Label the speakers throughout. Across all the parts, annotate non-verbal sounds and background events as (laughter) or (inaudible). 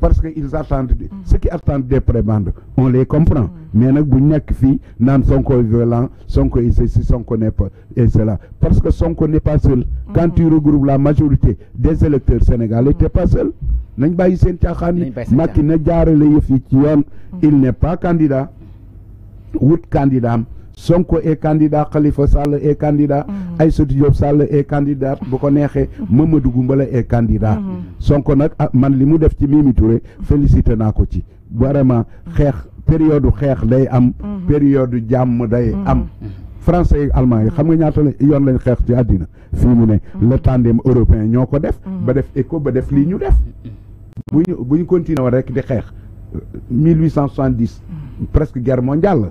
Speaker 1: parce que ils attendent mhm. ce qui attendent des prébendes on les comprend mais nag bu nekk fii naan Sonko violent Sonko et ceci Sonko n'est pas et cela parce que Sonko n'est pas seul mhm. quand tu regroupes la majorité des électeurs sénégalais mhm. t'es pas seul nañ bàyyi sen tiaxani makina Macky na jaarale ci yoon il n'est pas candidat wut candidat Sonko est candidat Khalifa Sall est candidat mhm. Aïssatou Diop Sall est candidat bu ko neexee mhm. Mamadou Goumbala est candidat mhm. Sonko nag ah, man li mu def ci Mimi Touré félicité naa ci vraiment xeex période de day am période jàmm day am français Allemagne, allemand yi xam nga ñaata la yoon lañ xex ci adina fi mu ne le tandem européen ñoo ko def ba def éco ba def li ñu def bu ñu continuer rek di xex 1870 presque guerre mondiale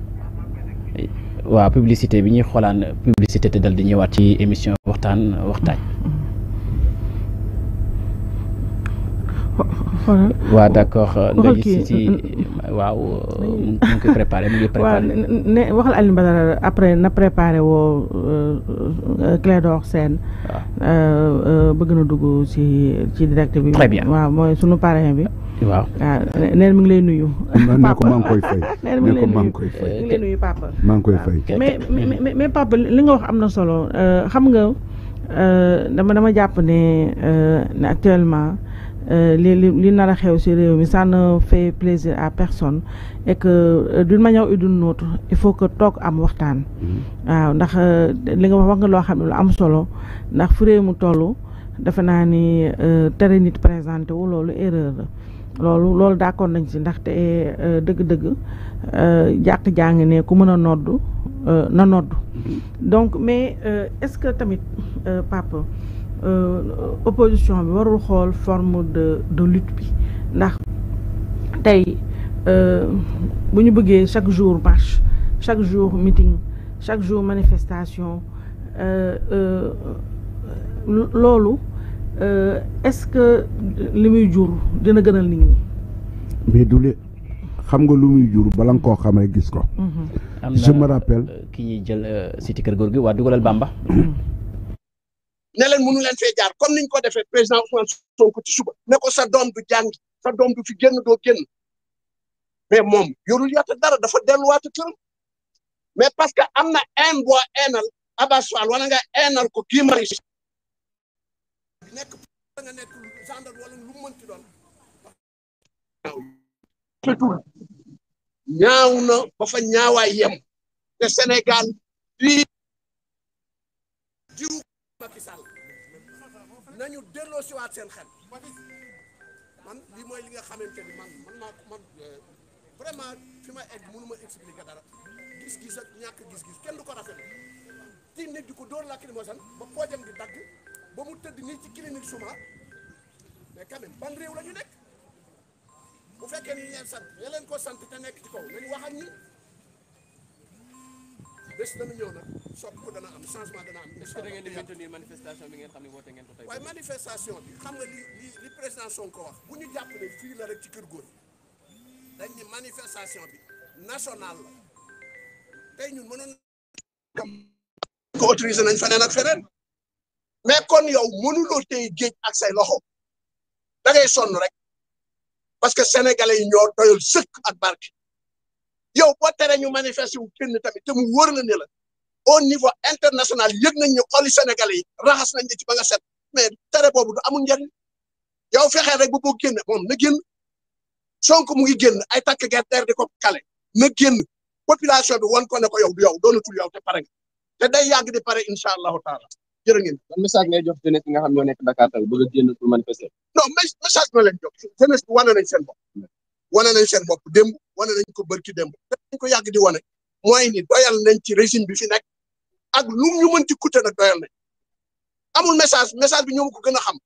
Speaker 2: waaw publicité bi ñuy xoolaan publicité te dal di ñëwaat ci émission waxtaan waxtaañ mm-hmm. Oui, d'accord léegi si waaw mu préparé (laughs) préparé. ne waxal après na préparé woo euh, euh, ah. euh, bëgg na dugg papa. mais papa li nga wax xam nga dama dama euh, li ça ne fait plaisir à personne et que euh, d'une manière ou d'une autre il faut que tok am waxtaan. Mm-hmm. waaw ndax euh, li nga wax nga am solo ndax mu erreur ne ku nodd na mm-hmm. donc mais est-ce que tamit euh, opposition bi warul xol forme de de lutte bi ndax tay euh buñu bëggé chaque jour marche chaque jour meeting chaque jour manifestation euh, euh, euh, est-ce que li muy jur dina gënal nit ñi.
Speaker 1: mais du xam nga lu muy jur bala nga koo gis ko.
Speaker 2: Mhm. je me rappelle. ki ñi jël cité kër góor gi waa dugalal Bamba. Mhm.
Speaker 3: ne len munu len fe jaar comme niñ ko defé président Ousmane Sonko ci suba ne ko sa dom du jang sa dom du fi genn do genn mais mom yorul yatta dara dafa wat këram mais parce que amna un haine enal hainal wala nga enal ko ki mari nek nga nekk gendarme wala lu ba fa yem te senegal di Macky Sall nañu delloo siwaat seen xel man li mooy li nga xamante ni man man maa man euh, vraiment fi ma egg mënu ma expliquer dara gis-gis ak ñàkk gis-gis kenn du ko rafetlu ti nit di ko dóor lacrymogène ba poojam di dagg ba mu tëdd nii ci clinique suma mais quand même ban réew la ñu nekk bu fekkee ni ñu leen sant ñu leen ko sant te nekk ci kaw nañu wax ak bés dana ñëw nag soppi dana am changement dana am. incha allah est-ce que da ngeen di maintenir manifestation bi ngeen xam ne woote ngeen ko tey. waaye manifestation bi xam nga li li li président Sonko wax bu ñu jàpp ne fii la rek ci kër góor yi dañ ni manifestation bi nationale la tey ñun mënoon. ko autorisé nañ feneen ak feneen. mais kon yow mënuloo tey géej ak say loxo da ngay sonn rek parce que sénégalais yi ñoo doyul sëkk ak barke. yow boo tere ñu manifester wu kenn tamit te mu wóor la ne la au niveau international yëg nañ ñu xoli Sénégalais yi raxas nañ ne ci ba set mais tere boobu du amul njariñ yow fexee rek bu boo génne moom na génn Sonko mu ngi génn ay takk gerte di ko kale na génn population bi wan ko ne ko yow du yow doonatul yow te pare nga te day yàgg di pare incha allahu taala jërë ngeen. ban message ngay jox jeunesse nga xam ñoo nekk Dakar tey bëgg a génn pour manifester. non message ma leen jox jeunesse bi seen bopp. wane nañ seen bopp démb wane nañ ko bërki démb dañ ko yàgg di wane mooy ni doyal nañ ci régime bi fi nekk ak lu ñu mënti coûté nag doyal nañ amul message message bi ñoom ko gën a xam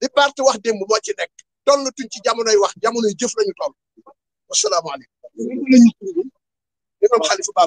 Speaker 3: li parti wax démb moo ci nekk tollatuñ ci jamonoy wax jamonoy jëf lañu toll wasalaamaaleykum imam xalifa